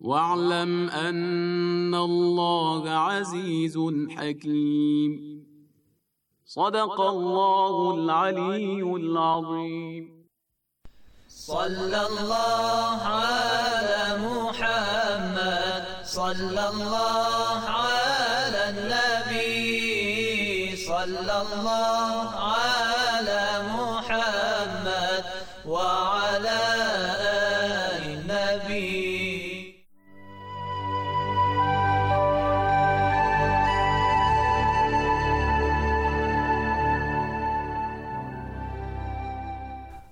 واعلم ان الله عزيز حكيم صدق الله العلي العظيم صلى الله على محمد صلى الله على النبي صلى الله على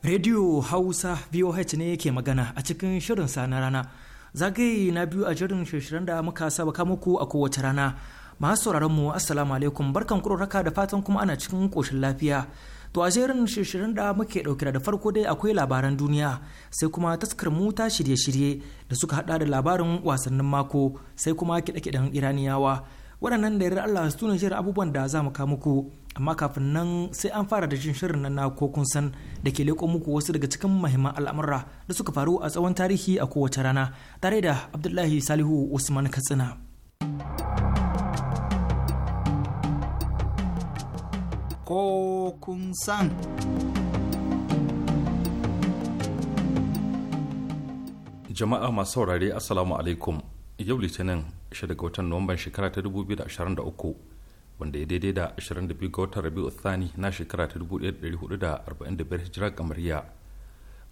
Radio Hausa VOH ne yake magana a cikin shirin sa na rana. Zagaye na biyu a jirin shirin da muka saba ka muku a kowace rana. Masu sauraron mu Assalamu alaikum barkan raka da fatan kuma ana cikin koshin lafiya. To a jerin shirin da muke dauke da farko dai akwai labaran duniya sai kuma taskar mu ta shirye-shirye da suka hada da labarin wasannin mako sai kuma kiɗe-kiɗen Iraniyawa. waɗannan da yarda Allah su tunan shirin abubuwan da za mu kawo muku amma kafin nan sai an fara da shirin nan na ko kun san da ke leƙo muku wasu daga cikin mahimman al'amura da suka faru a tsawon tarihi a kowace rana tare da Abdullahi Salihu Usman Katsina. Ko kun san. Jama'a masu saurare Assalamu alaikum yau Litinin 26 ga watan nuwamban shekara ta 2023 wanda ya daidai da 22 ga watan rabi'u thani na shekara ta 1445 hijira kamariya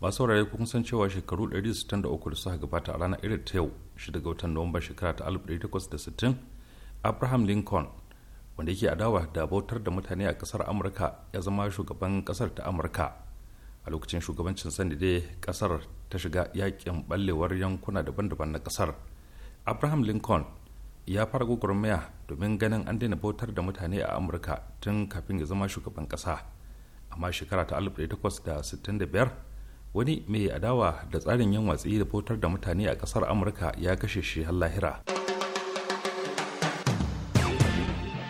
masu saurare kun san cewa shekaru 163 da suka gabata a ranar irin ta yau 6 ga watan nuwamban shekara ta 1860 abraham lincoln wanda yake adawa da bautar da mutane a kasar amurka ya zama shugaban kasar ta amurka a lokacin shugabancin sani dai kasar ta shiga yakin ballewar yankuna daban-daban na kasar abraham lincoln ya fara gwagwarmaya domin ganin an daina bautar da mutane a amurka tun kafin ya zama shugaban kasa amma shekara ta 1865 wani mai adawa da tsarin yan watsi da bautar da mutane a kasar amurka ya kashe shi har lahira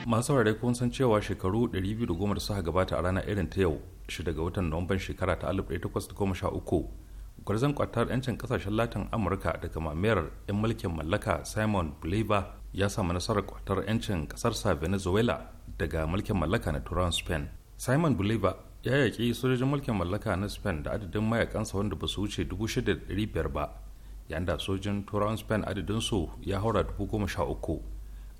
masu saurare kun san cewa shekaru 210 da suka gabata a ranar irin ta yau 6 ga watan nuwamban shekara ta 1813 gwarzon kwatar 'yancin kasashen latin amurka daga mamayar 'yan mulkin mallaka simon bolivar ya samu nasarar kwatar 'yancin kasarsa venezuela daga mulkin mallaka na turan spain simon bolivar ya yaƙi sojojin mulkin mallaka na spain da adadin mayakansa wanda ba su wuce 6,500 ba yayin da sojin turan spain adadinsu ya haura 13,000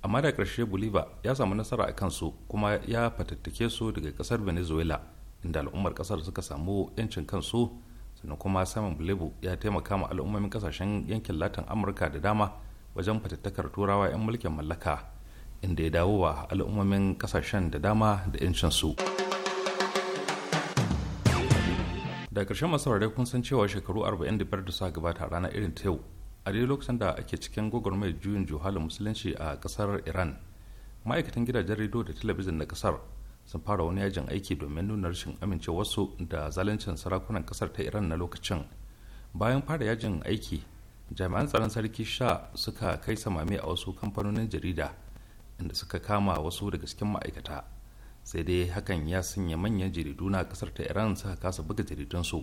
amma da karshe bolivar ya samu nasara a kansu kuma ya fatattake su daga ƙasar venezuela inda al'ummar ƙasar suka samu 'yancin kansu sannan kuma simon bulebu ya taimaka ma al'ummomin kasashen yankin latin amurka da dama wajen fatattakar turawa 'yan mulkin mallaka inda ya dawo wa al'ummomin kasashen da dama da 'yancinsu da ƙarshen masu kun san cewa shekaru 45 da sa gabata rana irin ta yau a daidai lokacin da ake cikin gwagwarmayar juyin juhalin musulunci a ƙasar iran ma'aikatan gidajen rediyo da talabijin na ƙasar sun fara wani yajin aiki domin nuna rashin amincewarsu da zaluncin sarakunan kasar ta iran na lokacin bayan fara yajin aiki jami'an tsaron sarki sha suka kai samami a wasu kamfanonin jarida inda suka kama wasu daga cikin ma'aikata sai dai hakan ya sanya manyan jaridu na kasar ta iran suka kasa buga jaridunsu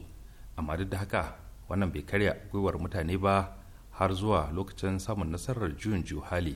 amma duk da haka wannan bai karya gwiwar mutane ba har zuwa lokacin samun nasarar juyin juhali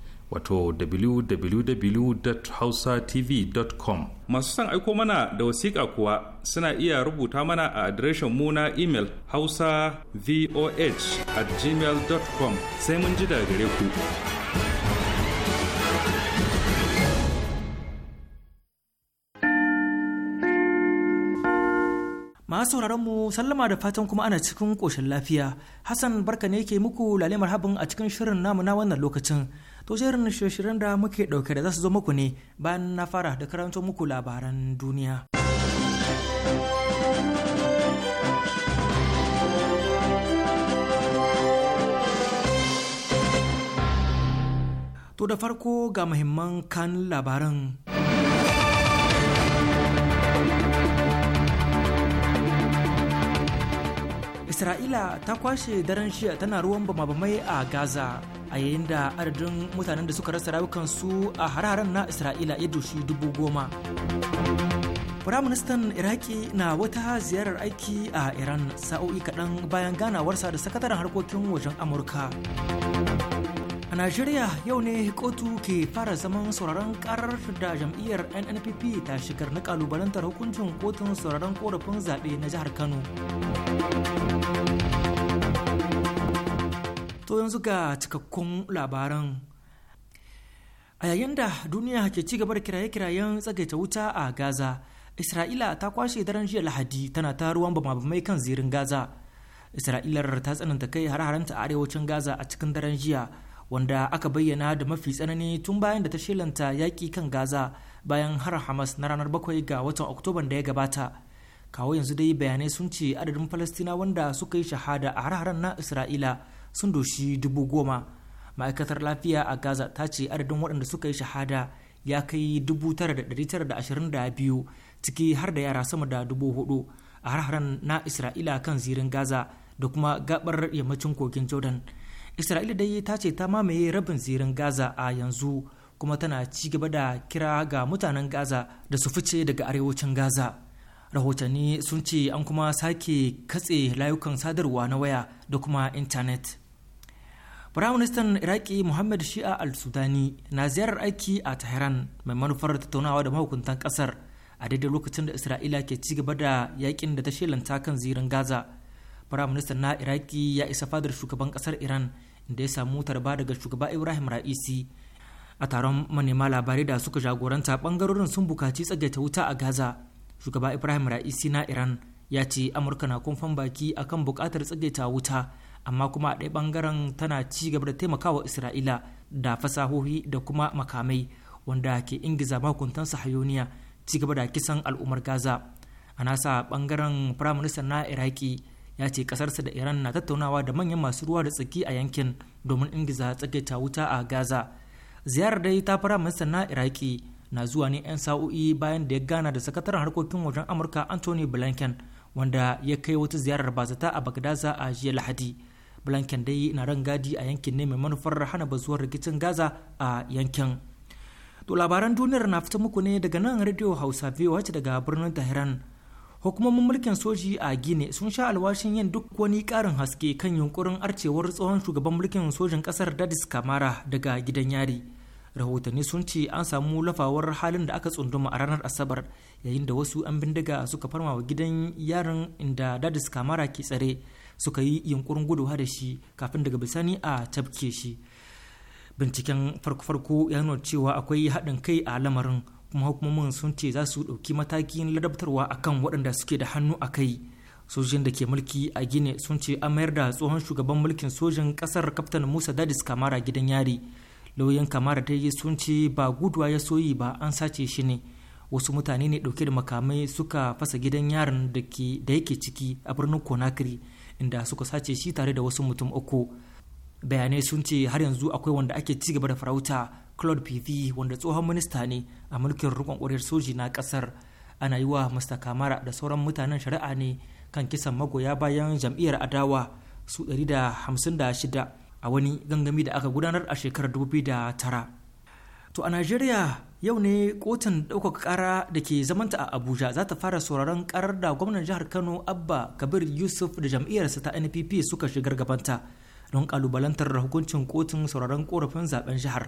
wato www.hausatv.com masu son aiko mana da wasiƙa kuwa suna iya rubuta mana a adireshin mu na imel hausa voh at gmail.com sai mun ji daga gare ku masu mu sallama da fatan kuma ana cikin koshin lafiya hassan barka ne ke muku lalimar habin a cikin shirin namu na wannan lokacin to jerin shirye da muke ɗauke da za zo muku ne bayan na fara da karanto muku labaran duniya. To da farko ga muhimman kan labaran. Isra'ila ta kwashe daren shiya tana ruwan bama-bamai a Gaza. a yayin da adadin mutanen da suka rasa rayukansu a hararen na isra'ila ya doshi dubu goma firaministan iraki na wata ziyarar aiki a iran sa'o'i kaɗan bayan ganawarsa da sakataren harkokin wajen amurka a najeriya yau ne kotu ke fara zaman sauraron karar da jam'iyyar nnpp ta shigar na kalubalantar hukuncin kotun sauraron korafin zaɓe na jihar kano to yanzu ga cikakkun labaran a yayin da duniya ke ci gaba da kiraye-kirayen tsagaita wuta a gaza isra'ila ta kwashe daren jiya lahadi tana ta ruwan bama kan zirin gaza isra'ilar ta tsananta kai har-haranta a arewacin gaza a cikin daren jiya wanda aka bayyana da mafi tsanani tun bayan da ta shelanta yaƙi kan gaza bayan har hamas na ranar bakwai ga watan oktoban da ya gabata kawo yanzu dai bayanai sun ce adadin falastina wanda suka yi shahada a har na isra'ila sun doshi dubu goma ma'aikatar lafiya a gaza ta ce adadin waɗanda suka yi shahada ya kai dubu tara da ɗari tara da ashirin da biyu ciki har da yara sama da dubu hudu a har na isra'ila kan zirin gaza da kuma gabar yammacin kogin jordan isra'ila dai ta ce ta mamaye rabin zirin gaza a yanzu kuma tana ci gaba da kira ga mutanen gaza da su fice daga arewacin gaza rahotanni sun ce an kuma sake katse layukan sadarwa na waya da kuma intanet Firaministan Iraki Muhammad Shi'a al-Sudani na ziyarar aiki a Tehran mai manufar tattaunawa da mahukuntan kasar a daidai lokacin da Isra'ila ke ci gaba da yakin da ta shelanta kan zirin Gaza. Firaministan na Iraki ya isa fadar shugaban kasar Iran inda ya samu tarba daga shugaba Ibrahim Ra'isi. A taron manema labarai da suka jagoranta bangarorin sun bukaci tsagaita wuta a Gaza. Shugaba Ibrahim Ra'isi na Iran ya ce Amurka na kumfan baki akan bukatar tsagaita wuta amma kuma a ɗaya ɓangaren tana ci gaba da taimakawa isra'ila da fasahohi da kuma makamai wanda ke ingiza mahukuntan sahayoniya ci gaba da kisan al'ummar gaza a nasa ɓangaren firaministan na iraki ya ce ƙasarsa da iran na tattaunawa da manyan masu ruwa da tsaki a yankin domin ingiza tsakaita wuta a gaza ziyarar dai ta firaministan na iraki na zuwa ne 'yan sa'o'i bayan da ya gana da sakataren harkokin wajen amurka anthony blinken wanda ya kai wata ziyarar bazata a bagdaza a jiya lahadi blanken dai na rangadi a yankin ne mai manufar hana bazuwar rikicin gaza a yankin to labaran duniyar na fita muku ne daga nan radio hausa wacce daga birnin tahiran hukumomin mulkin soji a gine sun sha alwashin yin duk wani karin haske kan yunkurin arcewar tsohon shugaban mulkin sojin kasar dadis kamara daga gidan yari rahotanni sun ce an samu lafawar halin da aka tsunduma a ranar asabar yayin da wasu 'yan bindiga suka farma wa gidan yarin inda dadis kamara ke tsare suka yi yunkurin guduwa da shi kafin daga bisani a tabke shi binciken farko-farko ya nuna cewa akwai haɗin kai a lamarin kuma hukumomin sun ce za su ɗauki matakin ladabtarwa akan waɗanda suke da hannu a kai sojojin da ke mulki a gine sun ce an mayar da tsohon shugaban mulkin sojin ƙasar kaftan musa dadis kamara gidan yari lauyan kamara ta yi sun ce ba guduwa ya soyi ba an sace shi ne wasu mutane ne ɗauke da makamai suka fasa gidan yarin da yake ciki a birnin conakry inda suka sace shi tare da wasu mutum uku bayanai sun ce har yanzu akwai wanda ake ci gaba da farauta claude pv wanda tsohon minista ne a mulkin rukun kwarar soji na kasar ana yi wa mr kamara da sauran mutanen shari'a ne kan kisan magoya bayan jam'iyyar adawa su 156 a wani gangami da aka gudanar a shekarar 2009 To a Najeriya yau ne kotun ɗaukaka ƙara da ke zamanta a Abuja za ta fara sauraron ƙarar da gwamnan jihar Kano Abba Kabir Yusuf da jam'iyyarsa ta NPP suka shigar gabanta don ƙalubalantar hukuncin kotun sauraron korafin zaben jihar.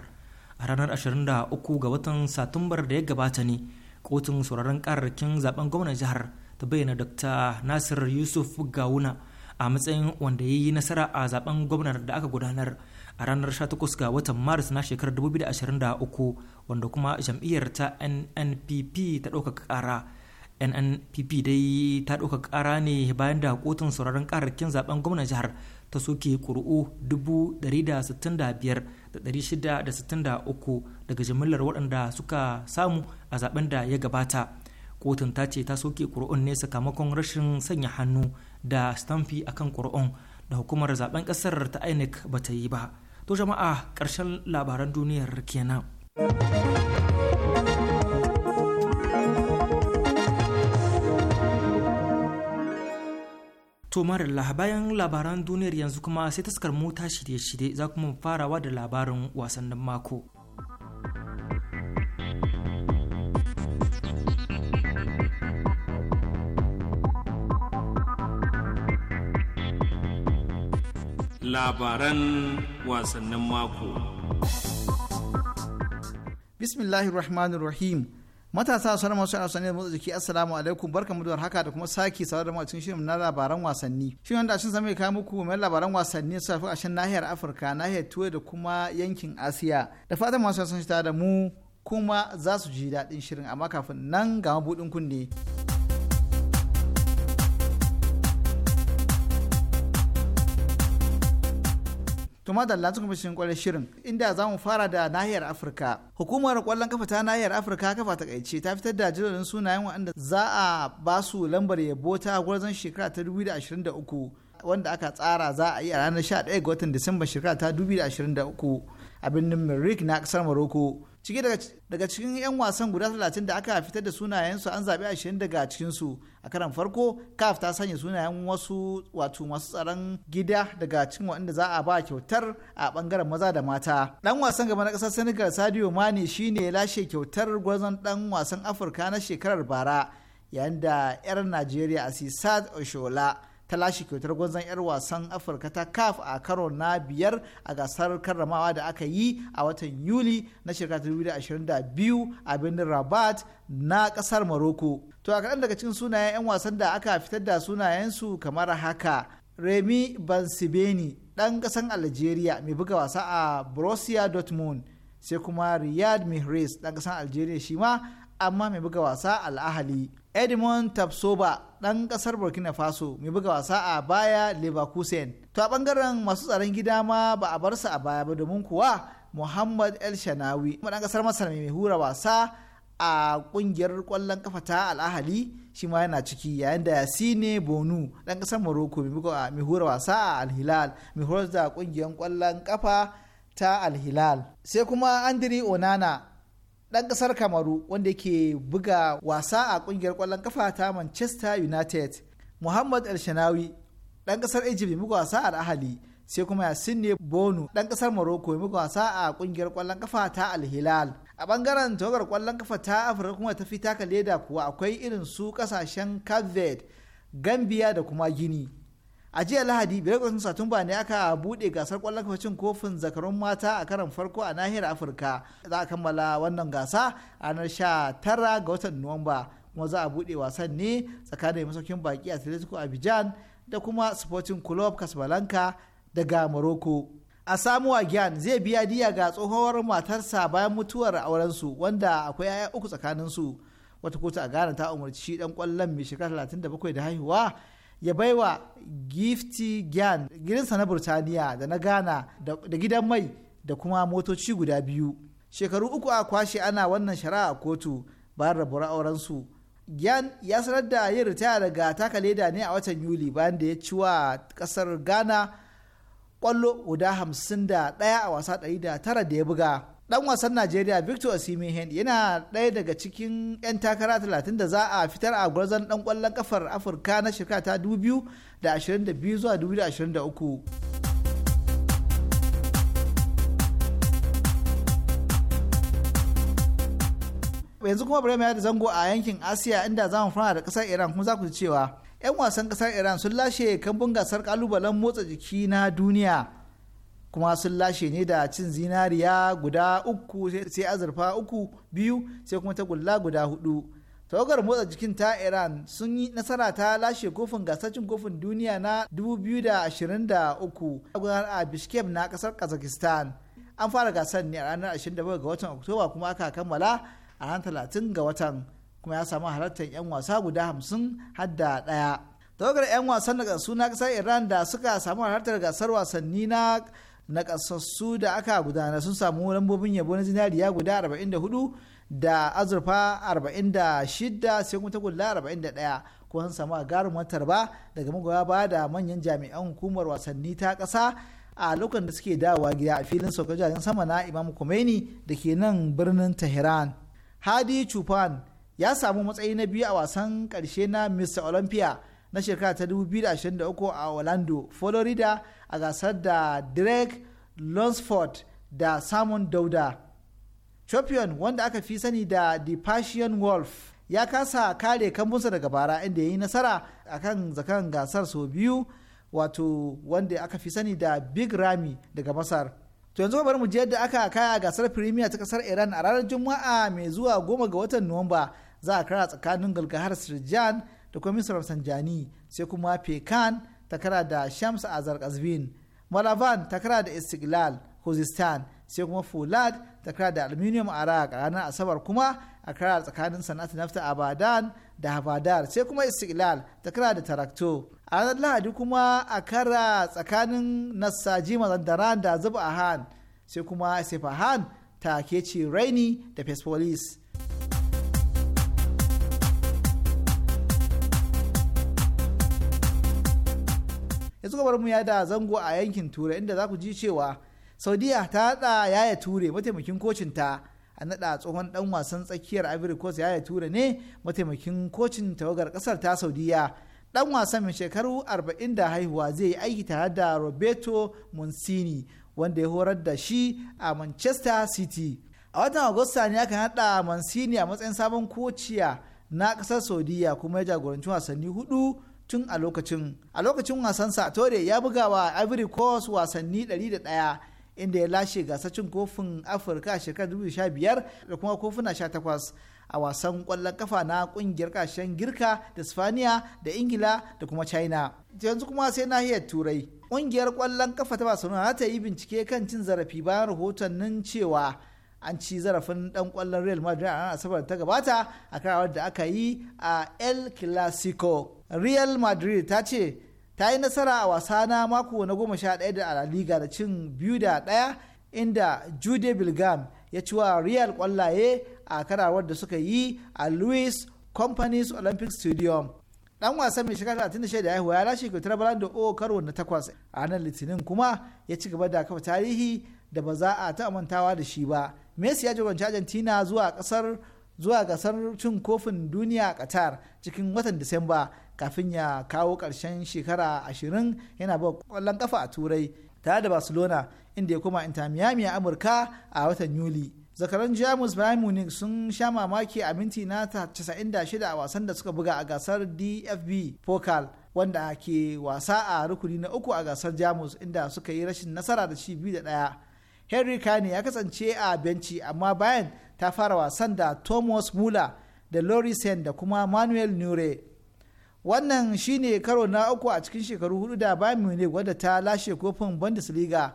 A ranar 23 ga watan Satumbar da ya gabata ne kotun sauraron ƙararrakin zaben gwamnan jihar ta bayyana Dr. Nasir Yusuf Gawuna a matsayin wanda ya yi nasara a zaben gwamnar da aka gudanar. a ranar 18 ga watan maris na shekarar 2023 wanda kuma jam'iyyar ta nnpp ta ɗaukaka ƙara nnpp dai ta ɗauka ƙara ne bayan da kotun sauraron ƙararrakin zaben gwamnan jihar ta soke ƙuri'u 165,663 daga jimillar waɗanda suka samu a zaben da ya gabata kotun ta ce ta soke ƙuri'un ne sakamakon rashin sanya hannu da stamfi akan ƙuri'un da hukumar zaben ƙasar ta inec ba ta yi ba to jama'a ƙarshen labaran duniyar kenan. To marilla bayan labaran duniyar yanzu kuma sai taskar mota shirye-shirye za kuma farawa da labarin wasannin mako. labaran wasannin mako. Bismillahirrahmanirrahim. Matasa sauran masu wasanni da motsa jiki assalamu alaikum barkamu da haka da kuma sake saurare mu a cikin shirin na labaran wasanni. Shirin wanda a cikin mai muku mai labaran wasanni su tafi ƙarshen nahiyar Afirka, nahiyar tuwa da kuma yankin Asiya. Da fatan masu sun shi da mu kuma za su ji daɗin shirin amma kafin nan ga mabuɗin kunne. To da suka fi cikin shirin inda za mu fara da nahiyar Afirka. Hukumar kwallon kafa ta nahiyar Afirka kafa ta kaice ta fitar da jadawalin sunayen wanda za a ba su lambar yabo ta gwarzon shekara ta 2023 wanda aka tsara za a yi a ranar 11 ga watan Disamba shekara ta 2023 a birnin Merrick na kasar Morocco. cike daga cikin 'yan wasan guda 30 da aka fitar da sunayensu an zaɓi 20 daga cikinsu a karan farko kaf ta sanya sunayen wasu wato masu tsaron gida daga cikin waɗanda za a ba kyautar a ɓangaren maza da mata ɗan wasan gaba na ƙasar senegal sadio mane shine ya lashe kyautar gwazon ɗan wasan afirka na shekarar bara yayin da 'yar najeriya asisat oshola ta lashe kyautar gwanzon 'yar wasan afirka ta caf a karo na biyar a gasar karramawa da aka yi a watan yuli na shekara 2022 a birnin rabat na kasar maroko to a kaɗan daga cikin sunayen 'yan wasan da aka fitar da sunayensu kamar haka remi bansibeni ɗan ƙasan algeria mai buga wasa a borussia dortmund sai kuma riyad mihres ɗan ƙasan algeria shi ma amma mai buga wasa al'ahali edmond tapsoba ɗan ƙasar burkina faso mai buga wasa a baya leverkusen to a ɓangaren masu tsaron gida ma ba a bar su a baya ba domin kuwa muhammad el shanawi ɗan ƙasar masar mai hura wasa a ƙungiyar kwallon kafa ta al'ahali shi ma yana ciki yayin da sine bonu ɗan ƙasar morocco mai hura wasa a alhilal mai hura da ƙungiyar kwallon kafa ta alhilal sai kuma andri onana ɗan ƙasar kamaru wanda ke buga wasa a ƙungiyar kwallon kafa ta manchester united muhammad shanawi ɗan ƙasar egypt ya buga wasa a ahali sai kuma yasin ne bonu ɗan ƙasar morocco ya buga wasa a ƙungiyar kwallon kafa ta alhilal a bangaren tawagar kwallon kafa ta afirka kuma ta fi taka leda kuwa akwai irin su ƙasashen cape gambia da kuma gini a jiya lahadi biyar ga satumba ne aka buɗe gasar ƙwallon kafacin kofin zakarun mata a karon farko a nahiyar afirka za a kammala wannan gasa a ranar sha tara ga watan nuwamba kuma za a buɗe wasan ne tsakanin masaukin baki atletico abidjan da kuma sporting club casablanca daga morocco a samu gyan zai biya diya ga tsohuwar matarsa bayan mutuwar aurensu wanda akwai 'ya'ya uku tsakanin su wata kotu a ghana ta umarci shi dan kwallon mai shekara 37 da haihuwa ya baiwa gifti gyan gidansa na burtaniya da na ghana da gidan mai da kuma motoci guda biyu shekaru uku a kwashe ana wannan shari'a a kotu bayan rabura aurensu gyan ya sanar da yin ritaya daga taka leda ne a watan yuli bayan da ya ci wa kasar ghana kwallo guda hamsin da ɗaya a wasa ɗari da tara da ya buga dan wasan najeriya victor osimhen yana ɗaya daga cikin 'yan takara 30 da za a fitar a gwarzon dan kwallon kafar afirka na shekara ta 2022 zuwa 2023 yanzu kuma bari da zango a yankin asiya inda zamu fara da ƙasar iran kuma za ku ji cewa 'yan wasan ƙasar iran sun lashe kambun gasar kalubalen motsa jiki na duniya kuma sun lashe ne da cin zinariya guda uku sai azurfa uku biyu sai kuma tagulla guda hudu tawagar motsa jikin ta iran sun yi nasara ta lashe kofin gasar cin kofin duniya na 2023 a gudanar a bishkek na kasar kazakistan an fara gasar ne a ranar 27 ga watan oktoba kuma aka kammala a ranar 30 ga watan kuma ya samu halartar 'yan wasa guda 50 hadda daya tawagar 'yan wasan daga suna kasar iran da suka samu halartar gasar wasanni na na da aka gudana sun samu lambobin yabo na zinariya guda 44 da azurfa 46 sai kuma tagulla 41 kuma sun samu agarin watar ba daga magoya ba da manyan jami'an hukumar wasanni ta ƙasa a lokacin da suke dawowa gida a filin saukar jiragen sama na imam Khomeini da ke nan birnin tehran hadi chupan ya samu matsayi na biyu a wasan karshe na mr olympia na shekara ta 2023 a orlando florida a gasar da drake lunsford da simon dauda champion wanda aka fi sani da the passion wolf ya kasa kare kambunsa daga bara inda ya yi nasara akan zakan gasar sau biyu wato wanda aka fi sani da big rami daga masar to yanzu bari mu je yadda aka kaya a gasar firimiyya ta kasar iran a ranar juma'a mai zuwa goma ga watan nuwamba za a kara tsakanin galgahar sirjan da kuma misra sanjani sai kuma pekan takara da shams azar kazbin malavan takara da istiklal khuzistan sai kuma fulad takara da aluminium arak ranar asabar kuma a kara tsakanin sanata nafta abadan da havadar sai kuma istiklal takara da tarakto a ranar lahadi kuma a kara tsakanin nasaji mazandaran da zuba han sai kuma sefahan ta keci raini da fesfolis yanzu gabar mu ya da zango a yankin turai inda za ku ji cewa saudiya ta haɗa yaya ture mataimakin kocin ta a naɗa tsohon dan wasan tsakiyar ivory coast yaya ture ne mataimakin kocin tawagar kasar ta saudiya dan wasan mai shekaru arba'in da haihuwa zai yi aiki tare da roberto monsini wanda ya horar da shi a manchester city a watan agusta ne aka haɗa mancini a matsayin sabon kociya na ƙasar saudiya kuma ya jagoranci wasanni hudu tun a lokacin a lokacin wasansa tore ya buga wa ivory coast wasanni 101 inda ya lashe gasar cin kofin afirka a shekarar 2015 da kuma kofuna 18 a wasan kwallon kafa na kungiyar kashen girka da spaniya da ingila da kuma china yanzu kuma sai nahiyar turai kungiyar kwallon kafa ta barcelona ta yi bincike kan cin zarafi bayan rahoton nan cewa an ci zarafin dan kwallon real madrid a ranar asabar ta gabata a karawar da aka yi a el clasico real madrid ta ce ta yi nasara a wasa na mako na goma sha ɗaya da liga da cin biyu da ɗaya inda jude bilgam ya ci wa real kwallaye a karawar da suka yi a louis companies olympic stadium dan wasan mai shekara 36 da haihuwa ya lashe kyautar balan da o karo na takwas a nan litinin kuma ya ci gaba da kafa tarihi da ba za a ta mantawa da shi ba Messi ya jagoranci Argentina zuwa kasar zuwa gasar cin kofin duniya a Qatar cikin watan Disamba kafin ya kawo ƙarshen shekara ashirin yana ba ƙwallon kafa a Turai tare da Barcelona inda ya koma Inter Miami a Amurka a watan Yuli. Zakaran Jamus Bayern Munich sun sha mamaki a minti na 96 a wasan da suka buga a gasar DFB Pokal wanda ke wasa a rukuni na uku a gasar Jamus inda suka yi rashin nasara da shi biyu da ɗaya. henry kane ya kasance a benci amma bayan ta fara wasan da thomas muller da lorisen da kuma manuel nure wannan shine karo na uku a cikin shekaru hudu da bayan munich wadda ta lashe kofin bundesliga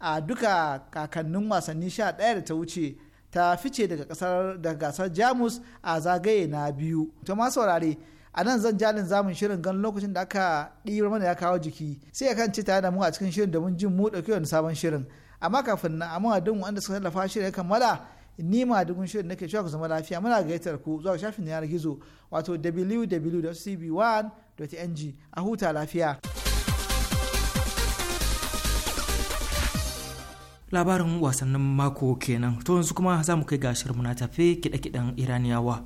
a duka kakannin wasanni sha daya da ta wuce ta fice daga gasar jamus a zagaye na biyu to masu saurare a nan zan jalin zamun shirin gan lokacin da aka ɗibar mana ya kawo jiki sai ya kan ci tare da mu a cikin shirin da mun jin mu ɗauke wani sabon shirin amma kafin na amma duk wanda suka tallafa shi ya kammala ni ma dukun shirin nake cewa ku zama lafiya muna gaitar ku zuwa shafin yanar gizo wato www.cb1.ng a huta lafiya. labarin wasannin mako kenan to yanzu kuma za mu kai ga muna na tafe kiɗe-kiɗen iraniyawa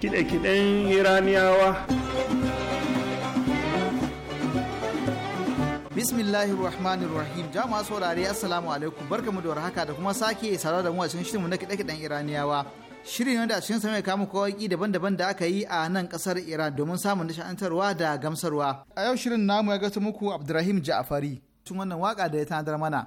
kiɗe-kiɗen iraniyawa bismillahir rahmanir rahim jama saurare assalamu alaikum barkamu da warhaka da kuma sake saurara da mu a cikin shirinmu na kiɗe-kiɗen iraniyawa shirin yadda a cikin sa mai kamu kawaki daban-daban da aka yi a nan kasar iran domin samun nishantarwa da gamsarwa a yau shirin namu ya gasa muku abdurrahim ja'afari tun wannan waka da ya tanadar mana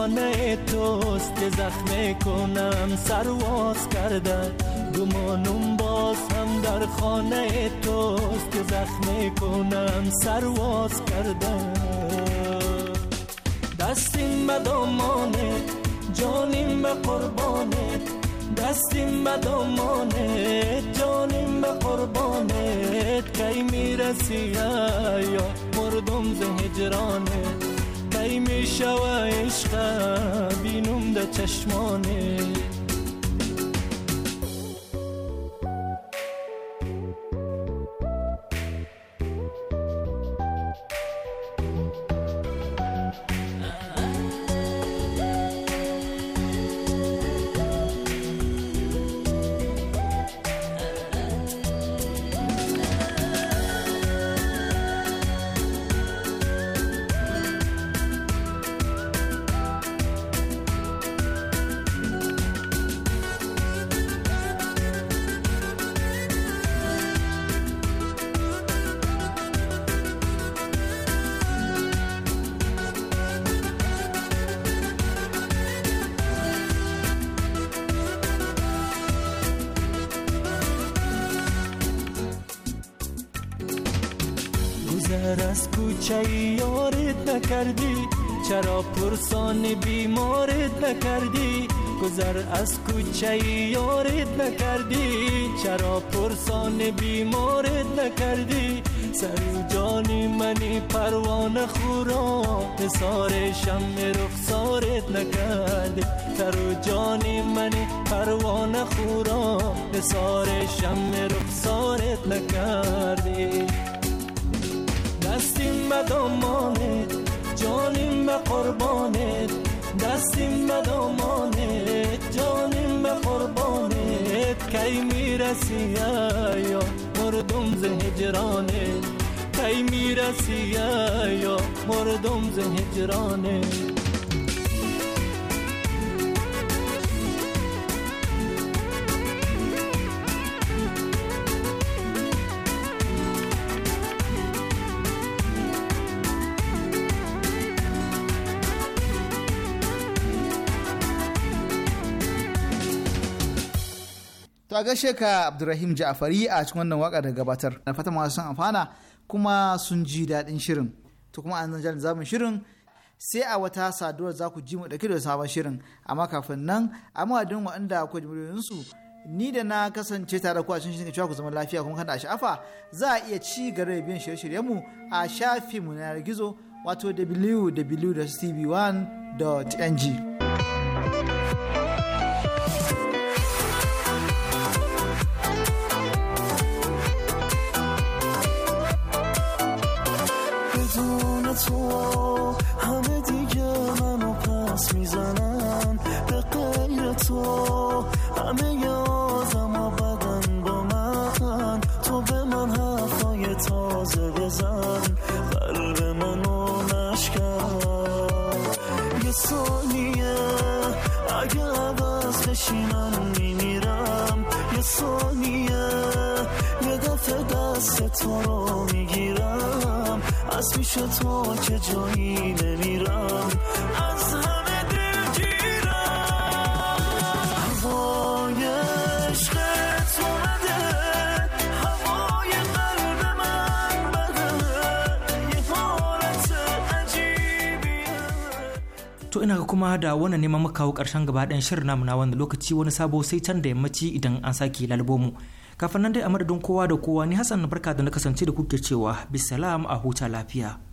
خانه توست که زخم کنم سرواز کرده گمانم باز هم در خانه توست که زخم کنم سرواز کرده دستیم به دامانه جانیم به قربانه دستیم به دامانه جانیم به قربانه کی میرسی یا مردم زهجرانه هجرانه ای میشوه عشقه بینم ده چشمانه نظر از کوچه یارت نکردی چرا پرسان بیمارت نکردی گذر از کوچه یارت نکردی چرا پرسان بیمارت نکردی سر جان منی پروانه خورا نثار شم رخسارت نکردی سر جان منی پروانه خورا نثار شم رخسارت نکردی دستیم به دامانت جانیم به قربانت دستیم به دامانت جانیم به قربانت کی میرسی یا مردم زهجرانه کی میرسی یا مردم زهجرانه a gaishe ka Abdulrahim Ja'fari a cikin wannan waka da gabatar. Na fata masu sun amfana kuma sun ji daɗin shirin. To kuma an zan zamun shirin sai a wata saduwar za ku ji mu ɗauki da sabon shirin amma kafin nan a madadin waɗanda ku su ni da na kasance tare ku a cikin shirin ku zama lafiya kuma kada a sha'afa za a iya ci gaba da biyan shirye mu a shafin mu na gizo wato www.tv1.ng. 我。پیش تو که جایی نمیرم kuma da wani neman muka kawo karshen gaba ɗayan shirin namu na wanda lokaci wani sabo sai can da yammaci idan an sake lalbomu kafin nan dai a madadin kowa da kowa ni hassan barka da na kasance da kuke cewa bisalam a huta lafiya